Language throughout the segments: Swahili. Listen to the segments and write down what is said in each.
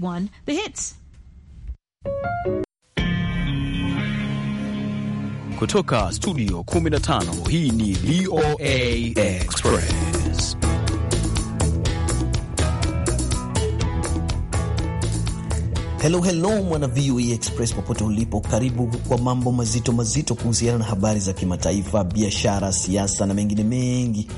1 The Hits. Kutoka studio 15 hii ni VOA Express. Helo helo, mwana VOA Express popote ulipo, karibu kwa mambo mazito mazito kuhusiana na habari za kimataifa, biashara, siasa na mengine mengi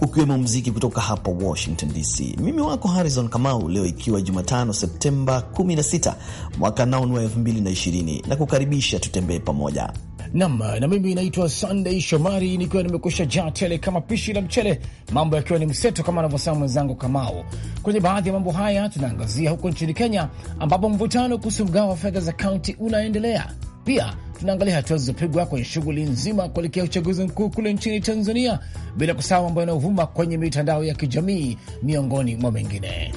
ukiwemo mziki kutoka hapa Washington DC. Mimi wako Harrison Kamau, leo ikiwa Jumatano Septemba 16 mwaka nao wa 2020 na kukaribisha tutembee pamoja nam na mimi naitwa Sunday Shomari nikiwa nimekusha jaa tele kama pishi la mchele, mambo yakiwa ni mseto kama anavyosema mwenzangu Kamao. Kwenye baadhi ya mambo haya tunaangazia huko nchini Kenya ambapo mvutano kuhusu mgao wa fedha za kaunti unaendelea pia tunaangalia hatua zilizopigwa kwenye shughuli nzima kuelekea uchaguzi mkuu kule nchini Tanzania, bila kusahau ambayo yanayovuma kwenye mitandao ya kijamii miongoni mwa mengine.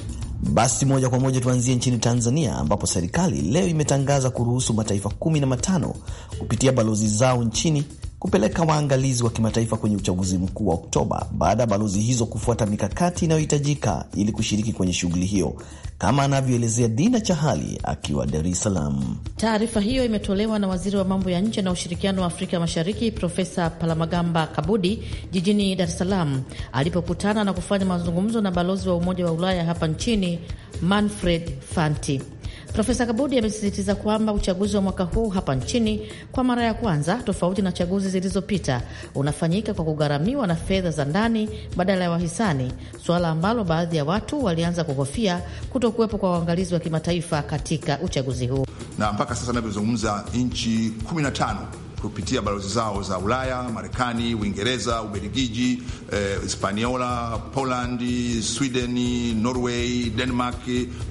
Basi moja kwa moja tuanzie nchini Tanzania, ambapo serikali leo imetangaza kuruhusu mataifa kumi na matano kupitia balozi zao nchini kupeleka waangalizi wa kimataifa kwenye uchaguzi mkuu wa Oktoba baada ya balozi hizo kufuata mikakati inayohitajika ili kushiriki kwenye shughuli hiyo, kama anavyoelezea Dina Chahali akiwa Dar es Salaam. Taarifa hiyo imetolewa na waziri wa mambo ya nje na ushirikiano wa Afrika Mashariki Profesa Palamagamba Kabudi jijini Dar es Salaam alipokutana na kufanya mazungumzo na balozi wa Umoja wa Ulaya hapa nchini Manfred Fanti. Profesa Kabudi amesisitiza kwamba uchaguzi wa mwaka huu hapa nchini kwa mara ya kwanza, tofauti na chaguzi zilizopita, unafanyika kwa kugharamiwa na fedha za ndani badala ya wahisani, suala ambalo baadhi ya watu walianza kuhofia kutokuwepo kwa waangalizi wa kimataifa katika uchaguzi huu. Na mpaka sasa navyozungumza, nchi 15 kupitia balozi zao za Ulaya, Marekani, Uingereza, Ubelgiji, eh, Hispaniola, Polandi, Swedeni, Norway, Denmark,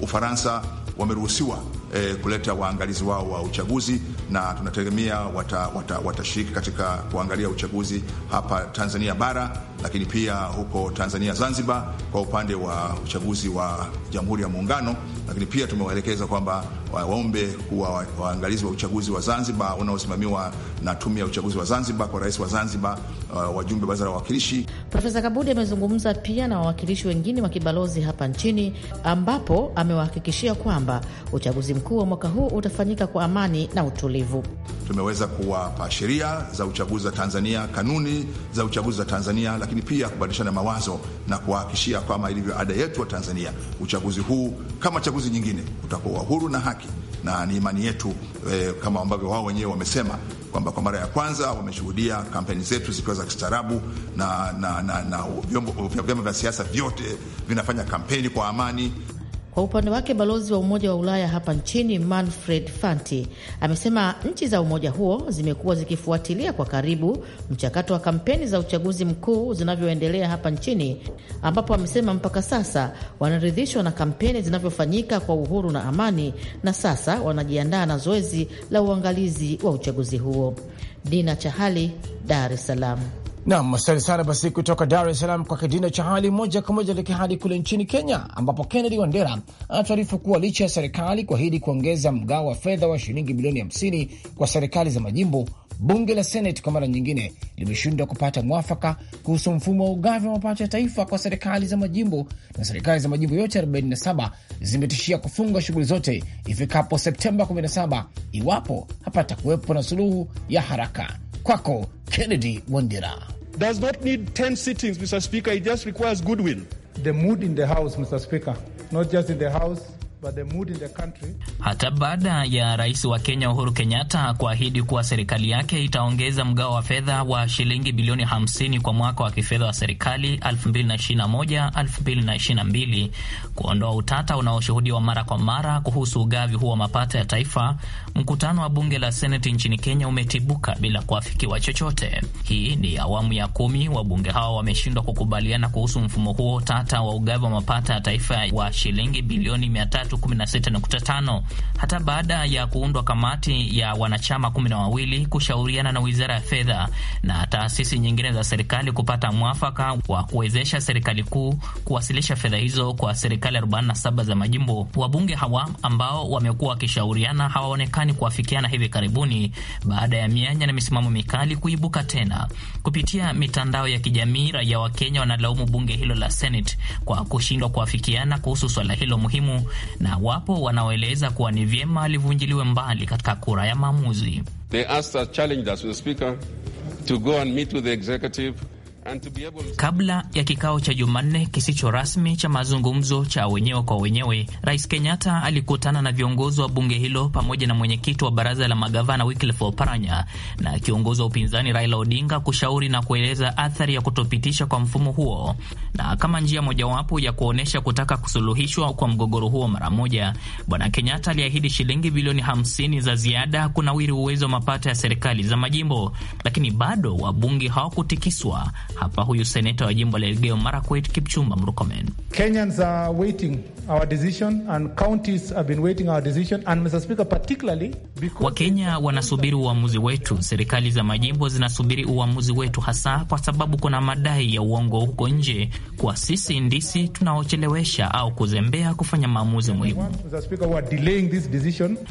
Ufaransa wameruhusiwa eh, kuleta waangalizi wao wa uchaguzi, na tunategemea watashiriki wata, wata katika kuangalia uchaguzi hapa Tanzania bara, lakini pia huko Tanzania Zanzibar kwa upande wa uchaguzi wa Jamhuri ya Muungano, lakini pia tumewaelekeza kwamba waombe kuwa waangalizi wa uchaguzi wa Zanzibar unaosimamiwa na Tume ya Uchaguzi wa Zanzibar kwa Rais wa Zanzibar, uh, wajumbe baraza la wawakilishi. Profesa Kabudi amezungumza pia na wawakilishi wengine wa kibalozi hapa nchini, ambapo amewahakikishia kwamba uchaguzi mkuu mkuu wa mwaka huu utafanyika kwa amani na utulivu. Tumeweza kuwapa sheria za uchaguzi wa Tanzania, kanuni za uchaguzi wa Tanzania, lakini pia kubadilishana mawazo na kuwaakishia kama ilivyo ada yetu wa Tanzania, uchaguzi huu kama chaguzi nyingine utakuwa wa huru na haki, na ni imani yetu eh, kama ambavyo wao wenyewe wamesema kwamba kwa mara ya kwanza wameshuhudia kampeni zetu zikiwa za kistaarabu na, na, na, na vyama vya siasa vyote vinafanya kampeni kwa amani. Kwa upande wake balozi wa Umoja wa Ulaya hapa nchini Manfred Fanti amesema nchi za umoja huo zimekuwa zikifuatilia kwa karibu mchakato wa kampeni za uchaguzi mkuu zinavyoendelea hapa nchini, ambapo amesema mpaka sasa wanaridhishwa na kampeni zinavyofanyika kwa uhuru na amani, na sasa wanajiandaa na zoezi la uangalizi wa uchaguzi huo. Dina Chahali, Dar es Salaam. Nam, asante sana basi. Kutoka Dar es Salaam kwa kidina cha hali moja kwa moja leke hadi kule nchini Kenya, ambapo Kennedy Wandera anatuarifu kuwa licha ya serikali kuahidi kuongeza mgao wa fedha wa shilingi bilioni 50 kwa serikali za majimbo, bunge la Seneti kwa mara nyingine limeshindwa kupata mwafaka kuhusu mfumo wa ugavi wa mapato ya taifa kwa serikali za majimbo, na serikali za majimbo yote 47 zimetishia kufunga shughuli zote ifikapo Septemba 17 iwapo hapata kuwepo na suluhu ya haraka. Kwako Kennedy Wandera. does not need 10 sittings, Mr. Speaker. It just requires goodwill. The mood in the House, Mr. Speaker, not just in the House, hata baada ya rais wa Kenya Uhuru Kenyatta kuahidi kuwa serikali yake itaongeza mgao wa fedha wa shilingi bilioni 50 kwa mwaka wa kifedha wa serikali 2021-2022 kuondoa utata unaoshuhudiwa mara kwa mara kuhusu ugavi huo wa mapato ya taifa, mkutano wa bunge la seneti nchini Kenya umetibuka bila kuafikiwa chochote. Hii ni awamu ya kumi wabunge hawa wameshindwa kukubaliana kuhusu mfumo huo tata wa ugavi wa mapato ya taifa wa shilingi bilioni 316.5 hata baada ya kuundwa kamati ya wanachama kumi na wawili kushauriana na wizara ya fedha na taasisi nyingine za serikali kupata mwafaka wa kuwezesha serikali kuu kuwasilisha fedha hizo kwa serikali 47 za majimbo. Wabunge hawa ambao wamekuwa wakishauriana hawaonekani kuafikiana hivi karibuni baada ya mianya na misimamo mikali kuibuka tena kupitia mitandao ya kijamii. Raia wa Kenya wanalaumu bunge hilo la Senate kwa kushindwa kuafikiana kuhusu swala hilo muhimu na wapo wanaoeleza kuwa ni vyema alivunjiliwe mbali katika kura ya maamuzi. They asked us, challenged us, Speaker, to go and meet with the executive Kabla ya kikao cha Jumanne kisicho rasmi cha mazungumzo cha wenyewe kwa wenyewe, Rais Kenyatta alikutana na viongozi wa bunge hilo pamoja na mwenyekiti wa baraza la magavana Wycliffe Oparanya na kiongozi wa upinzani Raila Odinga kushauri na kueleza athari ya kutopitisha kwa mfumo huo na kama njia mojawapo ya kuonyesha kutaka kusuluhishwa kwa mgogoro huo mara moja. Bwana Kenyatta aliahidi shilingi bilioni 50 za ziada kunawiri uwezo wa mapato ya serikali za majimbo, lakini bado wabunge hawakutikiswa hapa huyu seneta wa jimbo la Elgeyo Marakwet, Kipchumba Murkomen. Kenyans are waiting our decision and counties have been waiting our decision and Mr. Speaker particularly because Wakenya wanasubiri uamuzi wetu, serikali za majimbo zinasubiri uamuzi wetu, hasa kwa sababu kuna madai ya uongo huko nje kwa sisi ndisi tunaochelewesha au kuzembea kufanya maamuzi muhimu.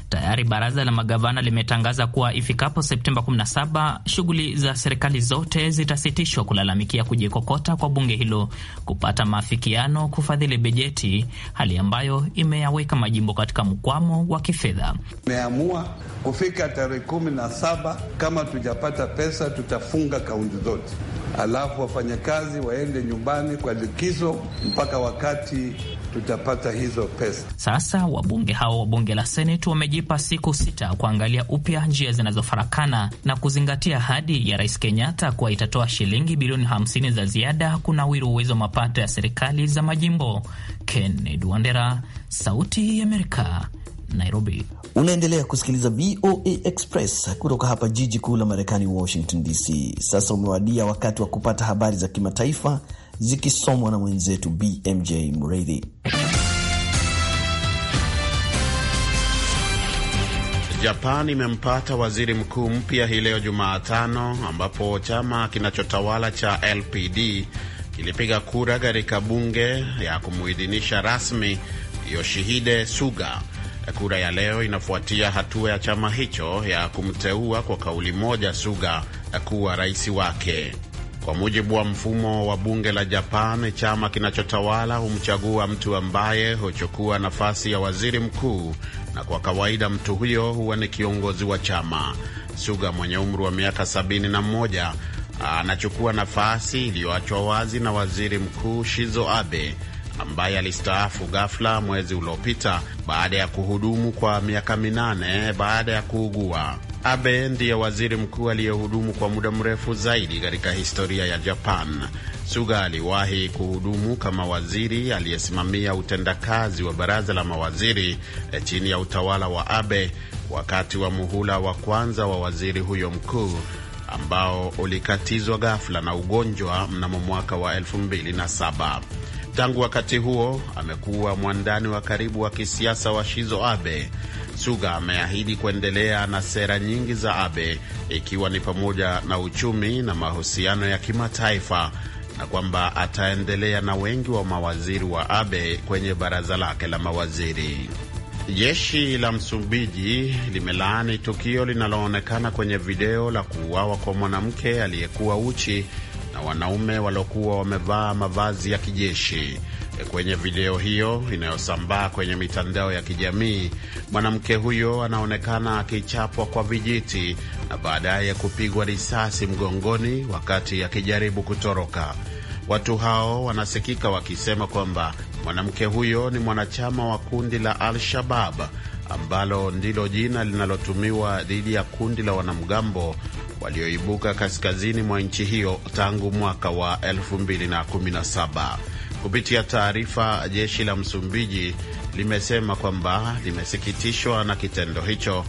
Tayari baraza la magavana limetangaza kuwa ifikapo Septemba 17 shughuli za serikali zote zitasitishwa kulala wamelalamikia kujikokota kwa bunge hilo kupata maafikiano kufadhili bajeti, hali ambayo imeyaweka majimbo katika mkwamo wa kifedha. Tumeamua kufika tarehe kumi na saba, kama tujapata pesa tutafunga kaunti zote, alafu wafanyakazi waende nyumbani kwa likizo mpaka wakati tutapata hizo pesa. Sasa wabunge hao wa bunge la Seneti wamejipa siku sita kuangalia upya njia zinazofarakana na kuzingatia hadi ya Rais Kenyatta kuwa itatoa shilingi bilioni 50 za ziada kunawiri uwezo wa mapato ya serikali za majimbo. Kenneth Wandera, Sauti ya Amerika, Nairobi. Unaendelea kusikiliza VOA Express kutoka hapa jiji kuu la Marekani, Washington DC. Sasa umewadia wakati wa kupata habari za kimataifa zikisomwa na mwenzetu BMJ Mreithi. Japan imempata waziri mkuu mpya hii leo Jumatano, ambapo chama kinachotawala cha LPD kilipiga kura katika bunge ya kumuidhinisha rasmi Yoshihide Suga. Kura ya leo inafuatia hatua ya chama hicho ya kumteua kwa kauli moja Suga kuwa rais wake. Kwa mujibu wa mfumo wa bunge la Japan, chama kinachotawala humchagua mtu ambaye huchukua nafasi ya waziri mkuu, na kwa kawaida mtu huyo huwa ni kiongozi wa chama. Suga mwenye umri wa miaka sabini na moja anachukua nafasi iliyoachwa wazi na waziri mkuu Shizo Abe ambaye alistaafu ghafla mwezi uliopita baada ya kuhudumu kwa miaka minane baada ya kuugua. Abe ndiye waziri mkuu aliyehudumu kwa muda mrefu zaidi katika historia ya Japan. Suga aliwahi kuhudumu kama waziri aliyesimamia utendakazi wa baraza la mawaziri eh, chini ya utawala wa Abe wakati wa muhula wa kwanza wa waziri huyo mkuu ambao ulikatizwa ghafla na ugonjwa mnamo mwaka wa 2007. Tangu wakati huo amekuwa mwandani wa karibu wa kisiasa wa Shizo Abe Suga ameahidi kuendelea na sera nyingi za Abe ikiwa ni pamoja na uchumi na mahusiano ya kimataifa na kwamba ataendelea na wengi wa mawaziri wa Abe kwenye baraza lake la mawaziri. Jeshi la Msumbiji limelaani tukio linaloonekana kwenye video la kuuawa kwa mwanamke aliyekuwa uchi na wanaume waliokuwa wamevaa mavazi ya kijeshi. Kwenye video hiyo inayosambaa kwenye mitandao ya kijamii, mwanamke huyo anaonekana akichapwa kwa vijiti na baadaye kupigwa risasi mgongoni wakati akijaribu kutoroka. Watu hao wanasikika wakisema kwamba mwanamke huyo ni mwanachama wa kundi la Al-Shabab ambalo ndilo jina linalotumiwa dhidi ya kundi la wanamgambo walioibuka kaskazini mwa nchi hiyo tangu mwaka wa 2017. Kupitia taarifa, jeshi la Msumbiji limesema kwamba limesikitishwa na kitendo hicho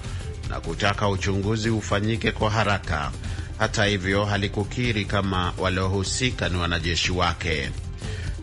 na kutaka uchunguzi ufanyike kwa haraka. Hata hivyo, halikukiri kama waliohusika ni wanajeshi wake.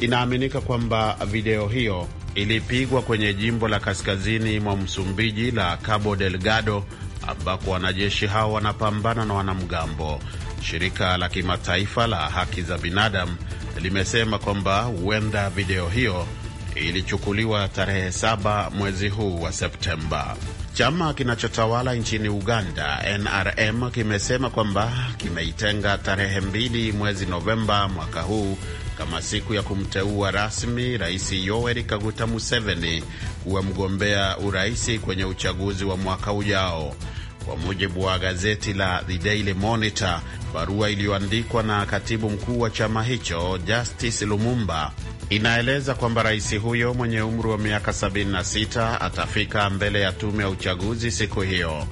Inaaminika kwamba video hiyo ilipigwa kwenye jimbo la kaskazini mwa Msumbiji la Cabo Delgado ambako wanajeshi hao wanapambana na wanamgambo. Shirika la kimataifa la haki za binadamu limesema kwamba huenda video hiyo ilichukuliwa tarehe saba mwezi huu wa Septemba. Chama kinachotawala nchini Uganda, NRM, kimesema kwamba kimeitenga tarehe mbili mwezi Novemba mwaka huu kama siku ya kumteua rasmi Rais Yoweri Kaguta Museveni kuwa mgombea uraisi kwenye uchaguzi wa mwaka ujao. Kwa mujibu wa gazeti la The Daily Monitor, barua iliyoandikwa na katibu mkuu wa chama hicho Justice Lumumba inaeleza kwamba rais huyo mwenye umri wa miaka 76 atafika mbele ya tume ya uchaguzi siku hiyo.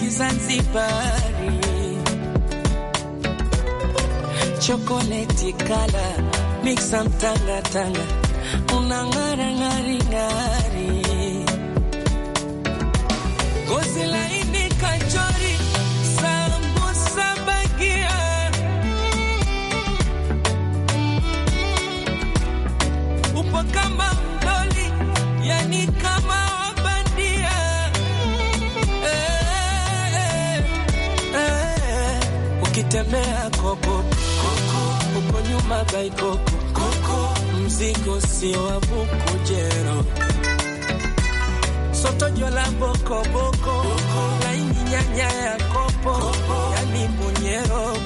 kizanzibari, chokoleti kala miksa mtangatanga, unang'ara ng'aring'ari koko koko, uko nyuma baikoko, mzigo sio soto jero boko boko bokoboko laini nyanya ya kopo yani munyero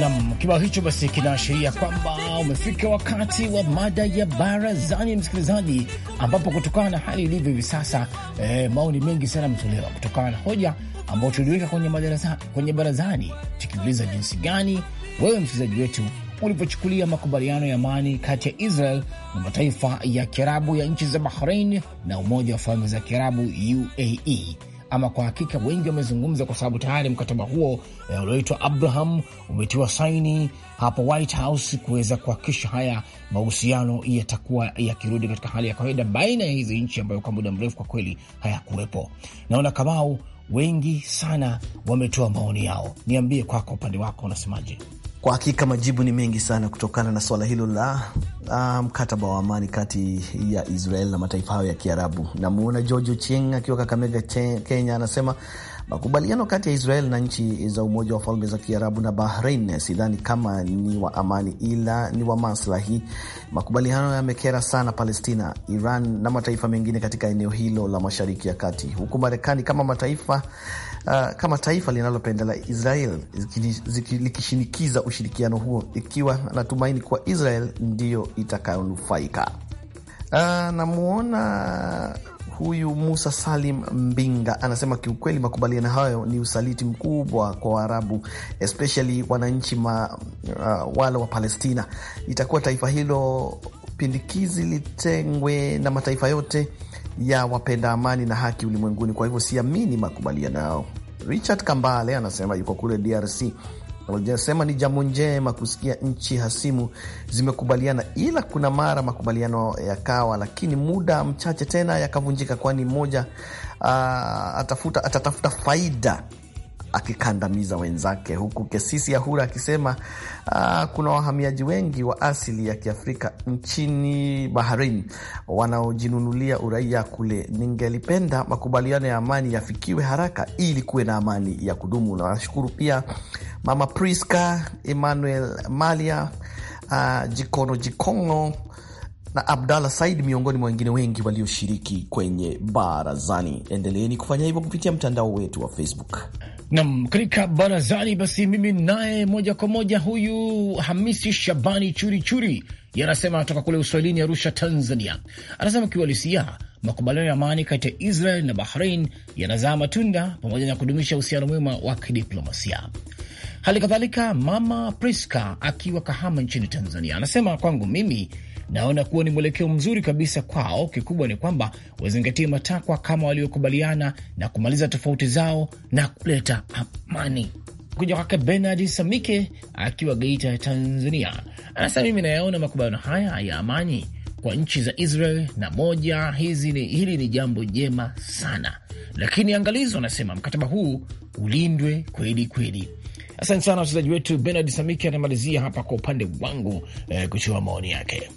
Nam, kibao hicho basi kinaashiria kwamba umefika wakati wa mada ya barazani, msikilizaji, ambapo kutokana na hali ilivyo hivi sasa eh, maoni mengi sana ametolewa kutokana na hoja ambayo tuliweka kwenye kwenye barazani tukiuliza jinsi gani wewe msikilizaji wetu ulivyochukulia makubaliano ya amani kati ya Israel na mataifa ya Kiarabu ya nchi za Bahrain na Umoja wa Falme za Kiarabu UAE ama kwa hakika wengi wamezungumza, kwa sababu tayari mkataba huo eh, ulioitwa Abraham umetiwa saini hapo White House kuweza kuhakikisha haya mahusiano yatakuwa yakirudi katika hali ya kawaida baina ya hizi nchi ambayo kwa muda mrefu kwa kweli hayakuwepo. Naona Kamau wengi sana wametoa maoni yao. Niambie kwako, upande wako unasemaje? Kwa hakika majibu ni mengi sana kutokana na swala hilo la ah, mkataba um, wa amani kati ya Israel na mataifa hayo ya Kiarabu. Namwona George Ochieng akiwa Kakamega, Kenya, anasema makubaliano kati ya Israel na nchi za Umoja wa Falme za Kiarabu na Bahrain sidhani kama ni wa amani, ila ni wa maslahi. Makubaliano yamekera sana Palestina, Iran na mataifa mengine katika eneo hilo la Mashariki ya Kati, huku Marekani kama mataifa uh, kama taifa la Israel likishinikiza ushirikiano huo, ikiwa natumaini kuwa Israel ndiyo itakayonufaika. Uh, namwona huyu Musa Salim Mbinga anasema kiukweli, makubaliano hayo ni usaliti mkubwa kwa Waarabu, especially wananchi ma, uh, wale wa Palestina. Itakuwa taifa hilo pindikizi litengwe na mataifa yote ya wapenda amani na haki ulimwenguni. Kwa hivyo siamini makubaliano yao. Richard Kambale anasema yuko kule DRC. Anasema ni jambo njema kusikia nchi hasimu zimekubaliana, ila kuna mara makubaliano yakawa, lakini muda mchache tena yakavunjika, kwani mmoja uh, atafuta atatafuta faida akikandamiza wenzake, huku Kesisi ahura akisema uh, kuna wahamiaji wengi wa asili ya Kiafrika nchini Bahrain wanaojinunulia uraia kule. Ningelipenda makubaliano ya amani yafikiwe haraka ili kuwe na amani ya kudumu. Nawashukuru pia Mama Priska Emmanuel Malia, uh, Jikono Jikongo na Abdallah Said miongoni mwa wengine wengi walioshiriki kwenye barazani. Endeleeni kufanya hivyo kupitia mtandao wetu wa Facebook. Nam, katika barazani basi, mimi naye moja kwa moja huyu Hamisi Shabani churi churi yanasema anatoka kule Uswahilini, Arusha, Tanzania. Anasema kiuhalisia, makubaliano ya amani kati ya Israel na Bahrain yanazaa matunda pamoja na kudumisha uhusiano mwema wa kidiplomasia. Hali kadhalika, mama Priska akiwa Kahama nchini Tanzania anasema kwangu mimi naona kuwa ni mwelekeo mzuri kabisa kwao. Kikubwa ni kwamba wazingatie matakwa kama waliokubaliana na kumaliza tofauti zao na kuleta amani. Kuja kwake Benard Samike akiwa Geita ya Tanzania, anasema mimi nayaona makubaliano haya ya amani kwa nchi za Israel na moja hizi ni, hili ni jambo jema sana, lakini angalizo, anasema mkataba huu ulindwe kweli kweli. Asante sana wachezaji wetu. Benard Samike anamalizia hapa kwa upande wangu eh, kuchua maoni yake.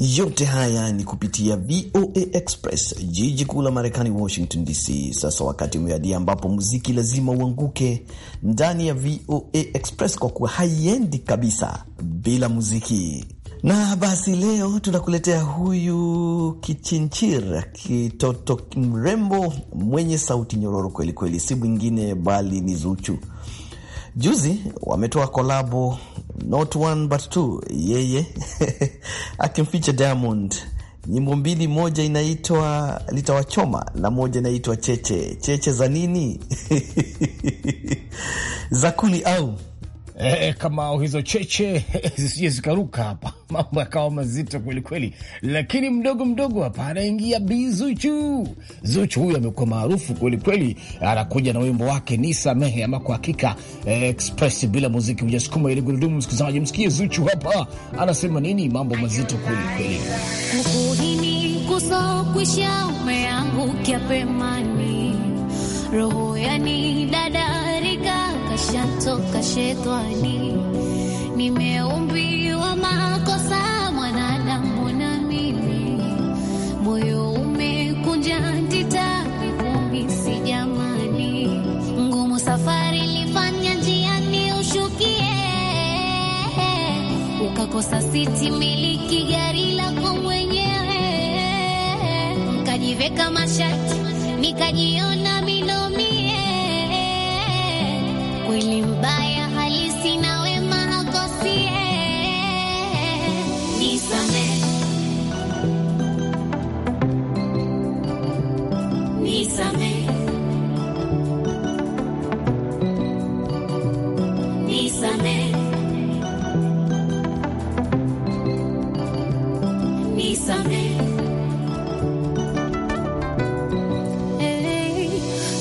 Yote haya ni kupitia VOA Express, jiji kuu la Marekani, Washington DC. Sasa wakati umeadia ambapo muziki lazima uanguke ndani ya VOA Express, kwa kuwa haiendi kabisa bila muziki. Na basi leo tunakuletea huyu kichinchira, kitoto mrembo mwenye sauti nyororo kwelikweli, si mwingine bali ni Zuchu. Juzi wametoa kolabo not one but two, yeye akimficha Diamond nyimbo mbili, moja inaitwa Litawachoma na moja inaitwa Cheche. Cheche za nini? za kuni au Eh, eh, kama hizo cheche eh, zisije zikaruka hapa, mambo yakawa mazito kweli kweli. Lakini mdogo mdogo hapa anaingia Bi Zuchu. Zuchu huyu amekuwa maarufu kweli kweli, anakuja na wimbo wake samehe. ama kwa hakika eh, express bila muziki ujasukuma ili gurudumu. Msikilizaji, msikie Zuchu hapa anasema nini, mambo mazito kweli kweli. kukuhini kuso umeangukia pemani roho yani dadarika, kashatoka shetani. Nimeumbiwa makosa mwanadamu na mimi, moyo umekunja ntita vumbi, si jamani, ngumu safari lifanya ni ushukie ukakosa siti, miliki gari lako mwenyewe, nkajiveka mashati nikajiona hali mbaya halisi na wema hakosie, ni nisame ni nisame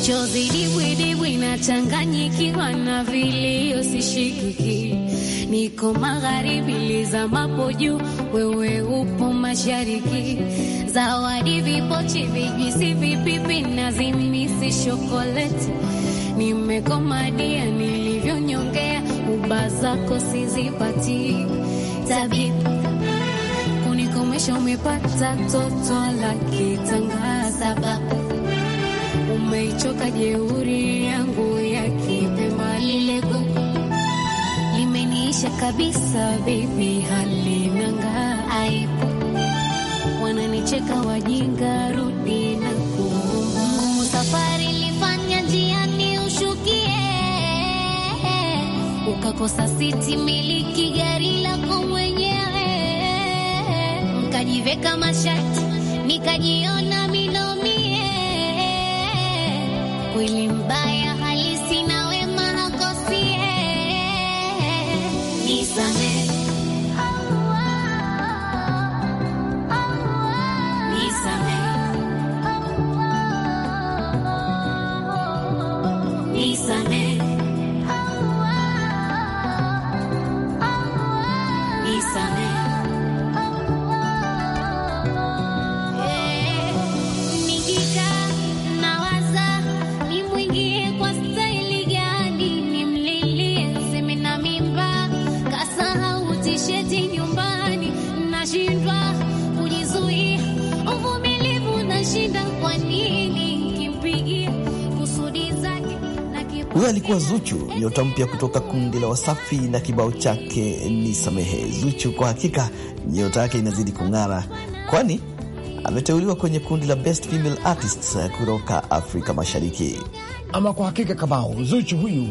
Chozi dibwidibwi na changanyikiwa na vilio sishikiki. Niko magharibi lizamapo juu, wewe upo mashariki. Zawadi vipochi, vijisi, vipipi na zimisi shokoleti. Nimekomadia nilivyonyongea, uba zako sizipati. Tabibu kunikomesha, umepata toto la kitanga sababu umeichoka jeuri yangu ya kipema, lile gogo limeniisha kabisa, bibi halinanga aibu, wananicheka wajinga, rudi na kuumba safari lifanya njia ni ushukie, ukakosa siti, miliki gari lako mwenyewe, nkajiveka mashati, nikajiona mino kweli mbaya halisi na wema hakosie, nisamehe Huyo alikuwa Zuchu, nyota mpya kutoka kundi la Wasafi na kibao chake ni Samehe. Zuchu kwa hakika nyota yake inazidi kung'ara, kwani ameteuliwa kwenye kundi la Best Female Artists kutoka Afrika Mashariki. Ama kwa hakika Kamau, Zuchu huyu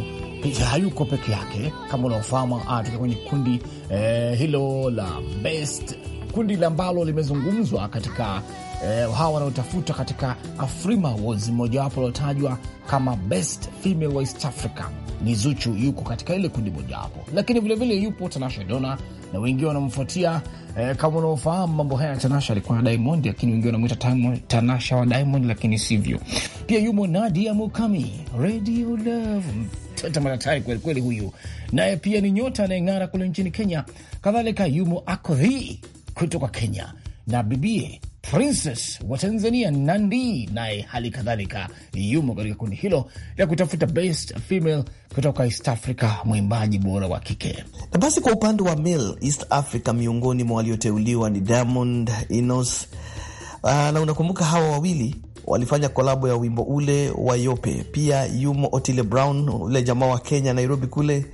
hayuko peke yake, kama unaofahamu, anatoka kwenye kundi eh, hilo la Best, kundi ambalo limezungumzwa katika eh, hawa wanaotafuta katika Afrima Awards, mmojawapo waliotajwa kama best female West Africa ni Zuchu, yuko katika ile kundi mojawapo, lakini vilevile yupo Tanasha Dona na wengine wanamfuatia eh, kama unaofahamu mambo haya. Tanasha alikuwa na Diamond, lakini wengine wanamwita Tanasha wa Diamond, lakini sivyo. Pia yumo Nadia Mukami, Radio Love, mtata maratari kwelikweli huyu, naye pia ni nyota anayeng'ara kule nchini Kenya. Kadhalika yumo Akodhi kutoka Kenya na bibie Princess wa Tanzania Nandi naye hali kadhalika yumo katika kundi hilo la kutafuta best female kutoka East Africa, mwimbaji bora wa kike. Na basi kwa upande wa male East Africa, miongoni mwa walioteuliwa ni Diamond Inos. Uh, na unakumbuka hawa wawili walifanya kolabo ya wimbo ule wa Yope. Pia yumo Otile Brown, ule jamaa wa Kenya, Nairobi kule,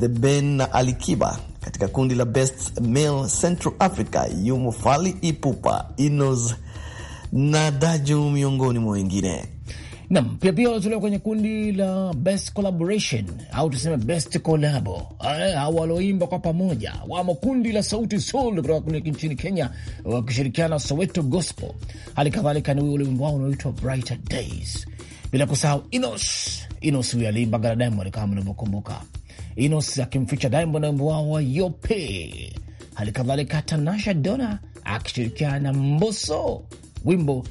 The Ben na Alikiba. Katika kundi la Best Male Central Africa yumo fali Ipupa, Inos na Daju miongoni mwa wengine. Nam pia pia waliotolewa kwenye kundi la best collaboration au tuseme best collabo eh, au walioimba kwa pamoja, wamo kundi la Sauti Sol kutoka kule nchini Kenya wakishirikiana na Soweto Gospel, hali kadhalika ni ule wimbo wao unaoitwa Brighter Days, bila kusahau Inos. Inos huyo aliimba na Diamond kama mnavyokumbuka, Inos akimficha Diamond na wimbo wao wa Yope, hali kadhalika Tanasha Dona akishirikiana na Mboso wimbo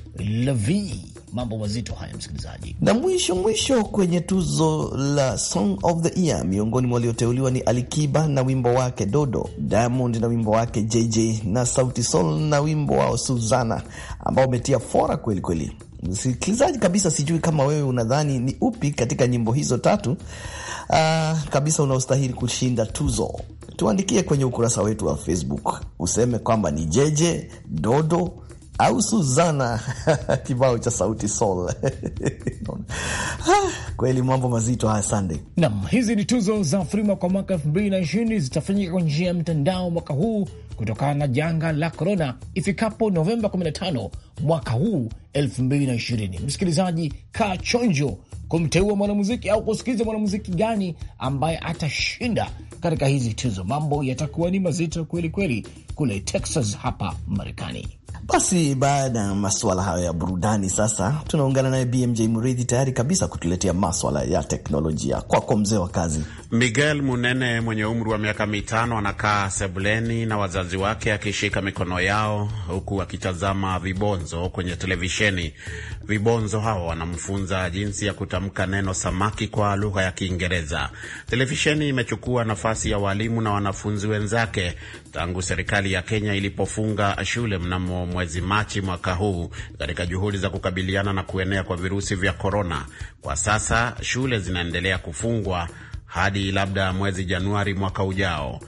Lavie. Mambo mazito haya, msikilizaji. Na mwisho mwisho, kwenye tuzo la Song of the Year, miongoni mwa walioteuliwa ni Alikiba na wimbo wake Dodo, Diamond na wimbo wake JJ na Sauti Sol na wimbo wao Suzana, ambao umetia fora kwelikweli kweli. Msikilizaji kabisa, sijui kama wewe unadhani ni upi katika nyimbo hizo tatu uh, kabisa unaostahili kushinda tuzo. Tuandikie kwenye ukurasa wetu wa Facebook, useme kwamba ni Jeje, Dodo au Suzana kibao cha Sauti Sol ah, kweli mambo mazito haya Sunday. Naam, hizi ni tuzo za Afrima kwa mwaka elfu mbili na ishirini zitafanyika kwa njia ya mtandao mwaka huu kutokana na janga la korona ifikapo Novemba 15 mwaka huu 2020. Msikilizaji, kaa chonjo kumteua mwanamuziki au kusikiliza mwanamuziki gani ambaye atashinda katika hizi tuzo. Mambo yatakuwa ni mazito kweli kweli kule Texas hapa Marekani. Basi baada ya maswala hayo ya burudani, sasa tunaungana naye BMJ Mridhi, tayari kabisa kutuletea maswala ya teknolojia. Kwako mzee wa kazi. Miguel Munene mwenye umri wa miaka mitano anakaa sebuleni na wazazi wake akishika mikono yao huku akitazama vibonzo kwenye televisheni. Vibonzo hao wanamfunza jinsi ya kutamka neno samaki kwa lugha ya Kiingereza. Televisheni imechukua nafasi ya walimu na wanafunzi wenzake tangu serikali ya Kenya ilipofunga shule mnamo mwezi Machi mwaka huu katika juhudi za kukabiliana na kuenea kwa virusi vya korona. Kwa sasa shule zinaendelea kufungwa hadi labda mwezi Januari mwaka ujao.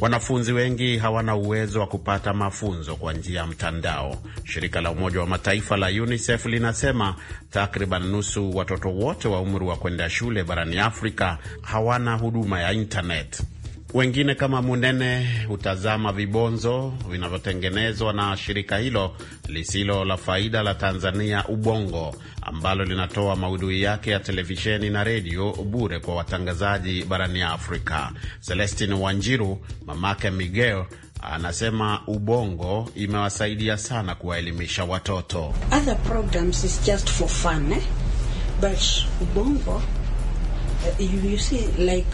Wanafunzi wengi hawana uwezo wa kupata mafunzo kwa njia ya mtandao. Shirika la Umoja wa Mataifa la UNICEF linasema takriban nusu watoto wote wa umri wa kwenda shule barani Afrika hawana huduma ya intanet. Wengine kama Munene hutazama vibonzo vinavyotengenezwa na shirika hilo lisilo la faida la Tanzania Ubongo, ambalo linatoa maudhui yake ya televisheni na redio bure kwa watangazaji barani ya Afrika. Celestin Wanjiru, mamake Miguel, anasema Ubongo imewasaidia sana kuwaelimisha watoto. Other programs is just for fun, eh? But Ubongo, uh, you see, like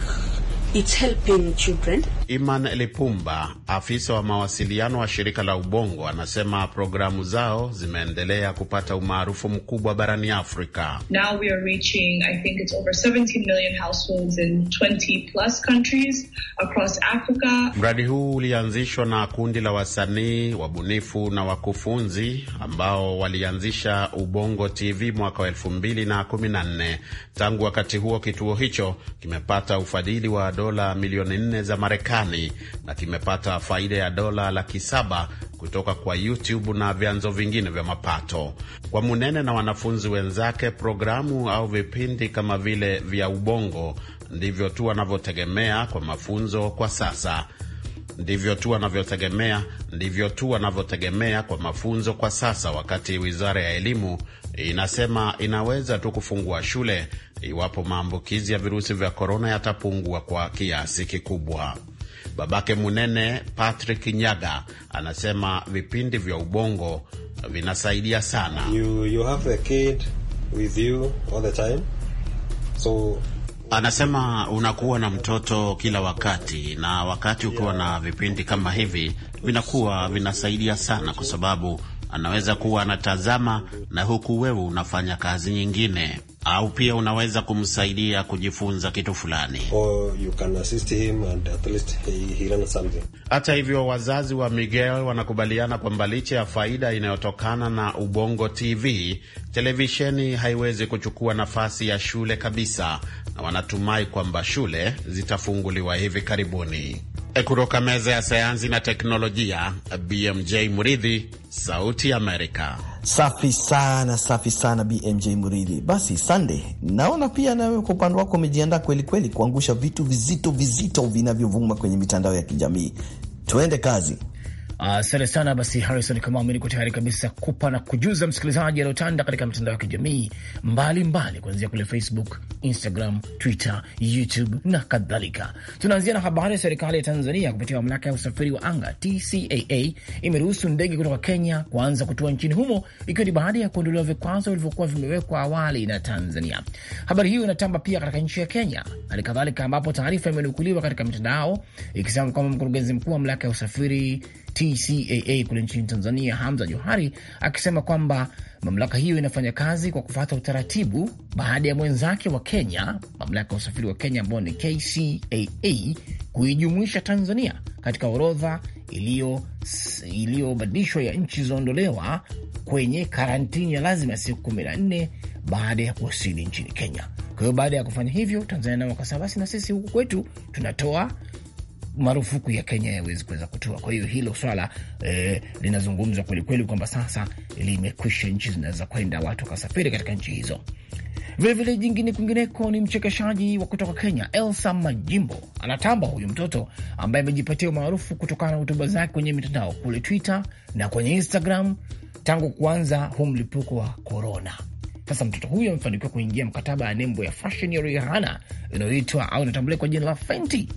it's helping children Iman Lipumba, afisa wa mawasiliano wa shirika la Ubongo, anasema programu zao zimeendelea kupata umaarufu mkubwa barani Afrika. Now we are reaching, I think it's over 17 million households in 20 plus countries across Africa. Mradi huu ulianzishwa na kundi la wasanii, wabunifu na wakufunzi ambao walianzisha Ubongo TV mwaka wa 2014. Tangu wakati huo kituo hicho kimepata ufadhili wa dola milioni 4 za Marekani. Marekani na kimepata faida ya dola laki saba kutoka kwa YouTube na vyanzo vingine vya mapato. Kwa Munene na wanafunzi wenzake, programu au vipindi kama vile vya ubongo ndivyo tu wanavyotegemea kwa mafunzo kwa sasa ndivyo tu wanavyotegemea ndivyo tu wanavyotegemea kwa mafunzo kwa sasa, wakati wizara ya elimu inasema inaweza tu kufungua shule iwapo maambukizi ya virusi vya korona yatapungua kwa kiasi kikubwa. Babake Munene Patrick Nyaga anasema vipindi vya ubongo vinasaidia sana. You, you have kid with you all the time. So anasema unakuwa na mtoto kila wakati, na wakati ukiwa na vipindi kama hivi vinakuwa vinasaidia sana, kwa sababu anaweza kuwa anatazama na huku wewe unafanya kazi nyingine au pia unaweza kumsaidia kujifunza kitu fulani. Hata hivyo, wazazi wa Miguel wanakubaliana kwamba licha ya faida inayotokana na Ubongo TV, televisheni haiwezi kuchukua nafasi ya shule kabisa, na wanatumai kwamba shule zitafunguliwa hivi karibuni. Kutoka meza ya sayansi na teknolojia, BMJ Muridhi, Sauti Amerika. Safi sana, safi sana BMJ Muridhi. Basi sande, naona pia nawe kwa upande wako umejiandaa kwelikweli kuangusha vitu vizito vizito vinavyovuma kwenye mitandao ya kijamii. Tuende kazi. Ah, asante uh, sana. Basi Harrison Kamau, mimi niko tayari kabisa kupa na kujuza msikilizaji aliyotanda katika mitandao ya kijamii mbalimbali, kuanzia kule Facebook, Instagram, Twitter, YouTube na kadhalika. Tunaanzia na habari ya serikali ya Tanzania kupitia mamlaka ya usafiri wa anga TCAA imeruhusu ndege kutoka Kenya kuanza kutua nchini humo, ikiwa ni baada ya kuondolewa vikwazo vilivyokuwa vimewekwa awali na Tanzania. Habari hiyo inatamba pia katika nchi ya Kenya hali kadhalika, ambapo taarifa imenukuliwa katika mitandao ikisema kwamba mkurugenzi mkuu wa mamlaka ya usafiri TCAA kule nchini Tanzania, Hamza Johari akisema kwamba mamlaka hiyo inafanya kazi kwa kufuata utaratibu baada ya mwenzake wa Kenya, mamlaka ya usafiri wa Kenya ambayo ni KCAA, kuijumuisha Tanzania katika orodha iliyobadilishwa ya nchi zilizoondolewa kwenye karantini ya lazima ya siku kumi na nne baada ya kuwasili nchini Kenya. Kwa hiyo baada ya kufanya hivyo, Tanzania nao wakasema basi, na sisi huku kwetu tunatoa marufuku ya Kenya yawezi kuweza kutoa. Kwa hiyo hilo swala eh, linazungumzwa kwelikweli kwamba sasa limekwisha, nchi zinaweza kwenda watu wakasafiri katika nchi hizo. Vilevile jingine kwingineko ni mchekeshaji wa kutoka Kenya Elsa Majimbo anatamba, huyu mtoto ambaye amejipatia umaarufu kutokana na hotuba zake kwenye mitandao kule Twitter na kwenye Instagram tangu kuanza huu mlipuko wa korona. Sasa mtoto huyu amefanikiwa kuingia mkataba ya nembo ya fashion ya Rihanna inayoitwa au inatambuliwa kwa jina la Fenty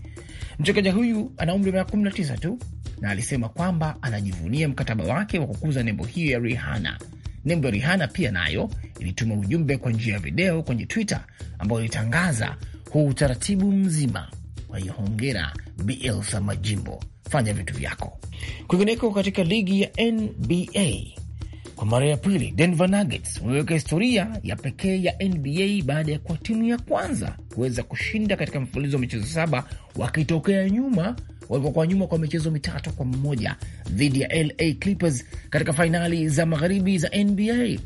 Mchekaji huyu ana umri wa miaka 19 tu na alisema kwamba anajivunia mkataba wake wa kukuza nembo hiyo ya Rihanna. Nembo ya Rihanna pia nayo ilituma ujumbe kwa njia ya video kwenye Twitter ambayo ilitangaza huu utaratibu mzima. Kwa hiyo hongera Bielsa Majimbo, fanya vitu vyako. Kwingineko katika ligi ya NBA kwa mara ya pili Denver Nuggets wameweka historia ya pekee ya NBA baada ya kuwa timu ya kwanza kuweza kushinda katika mfululizo wa michezo saba, wakitokea nyuma, walipokuwa nyuma kwa michezo mitatu kwa mmoja dhidi ya LA Clippers katika fainali za magharibi za NBA.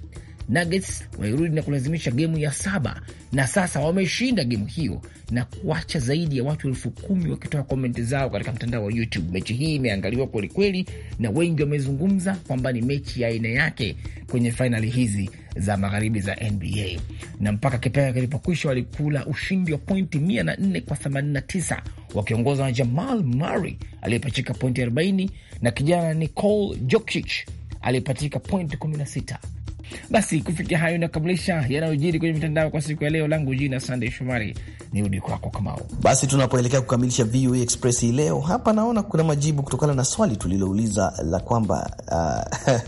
Nuggets walirudi na kulazimisha gemu ya saba, na sasa wameshinda gemu hiyo na kuacha zaidi ya watu elfu kumi wakitoa komenti zao katika mtandao wa YouTube. Mechi hii imeangaliwa kwelikweli, na wengi wamezungumza kwamba ni mechi ya aina yake kwenye fainali hizi za magharibi za NBA, na mpaka kipeka kilipokwisha walikula ushindi wa pointi 104 kwa 89 wakiongozwa na Jamal Murray aliyepachika pointi 40 na kijana Nicole Jokic aliyepatika pointi 16. Basi kufikia hayo inakamilisha yanayojiri kwenye mitandao kwa siku ya leo. Langu jina Sandey Shomari, nirudi kwako Kamau. Basi tunapoelekea kukamilisha VOA Express hii leo hapa, naona kuna majibu kutokana na swali tulilouliza la kwamba uh,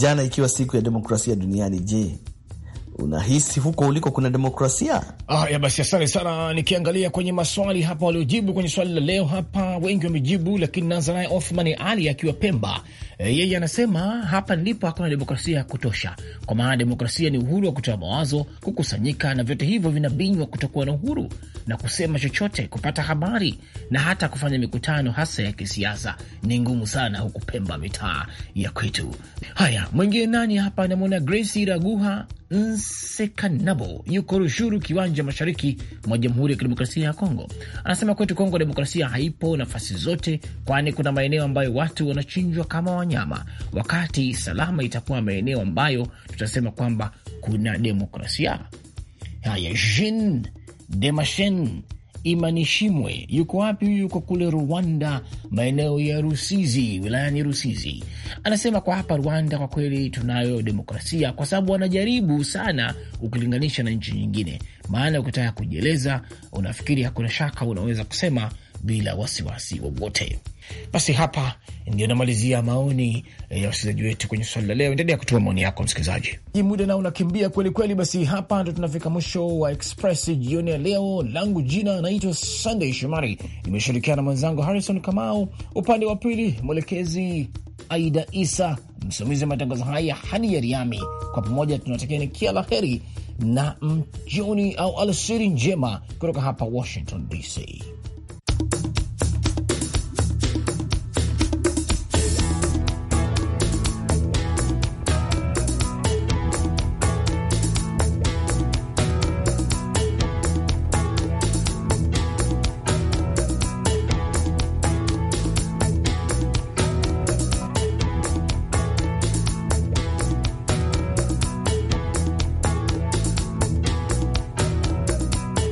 jana ikiwa siku ya demokrasia duniani, je, Unahisi huko uliko kuna demokrasia? Ah, ya basi, asante sana. Nikiangalia kwenye maswali hapa waliojibu kwenye swali la leo hapa, wengi wamejibu, lakini naanza naye Othman Ali akiwa Pemba. E, yeye anasema hapa ndipo hakuna demokrasia ya kutosha, kwa maana demokrasia ni uhuru wa kutoa mawazo, kukusanyika, na vyote hivyo vinabinywa kutokuwa na uhuru na kusema chochote, kupata habari na hata kufanya mikutano hasa ya kisiasa ni ngumu sana huku Pemba, mitaa ya kwetu. Haya, mwingine nani hapa? Namwona Grace Raguha Nsekanabo yuko Rushuru Kiwanja, mashariki mwa Jamhuri ya Kidemokrasia ya Kongo. Anasema kwetu Kongo demokrasia haipo nafasi zote, kwani kuna maeneo ambayo watu wanachinjwa kama wanyama. Wakati salama itakuwa maeneo ambayo tutasema kwamba kuna demokrasia. Haya, Jean Demashen Imanishimwe yuko wapi? Yuko kule Rwanda, maeneo ya Rusizi, wilayani Rusizi. Anasema kwa hapa Rwanda kwa kweli tunayo demokrasia, kwa sababu wanajaribu sana ukilinganisha na nchi nyingine, maana ukitaka kujieleza, unafikiri hakuna shaka unaweza kusema bila wasiwasi wowote wasi. Basi hapa ndio namalizia maoni eh, ya wasikilizaji wetu kwenye swali la leo. Endelea kutoa maoni yako msikilizaji, muda nao unakimbia kweli kweli. Basi hapa ndo tunafika mwisho wa Express jioni ya leo. Langu jina naitwa Sunday Shomari, nimeshirikiana na mwenzangu Harrison Kamau, upande wa pili mwelekezi Aida Isa, msimamizi wa matangazo haya Hadi ya Riami. Kwa pamoja tunatakieni kila la heri na mjoni au alasiri njema kutoka hapa Washington DC.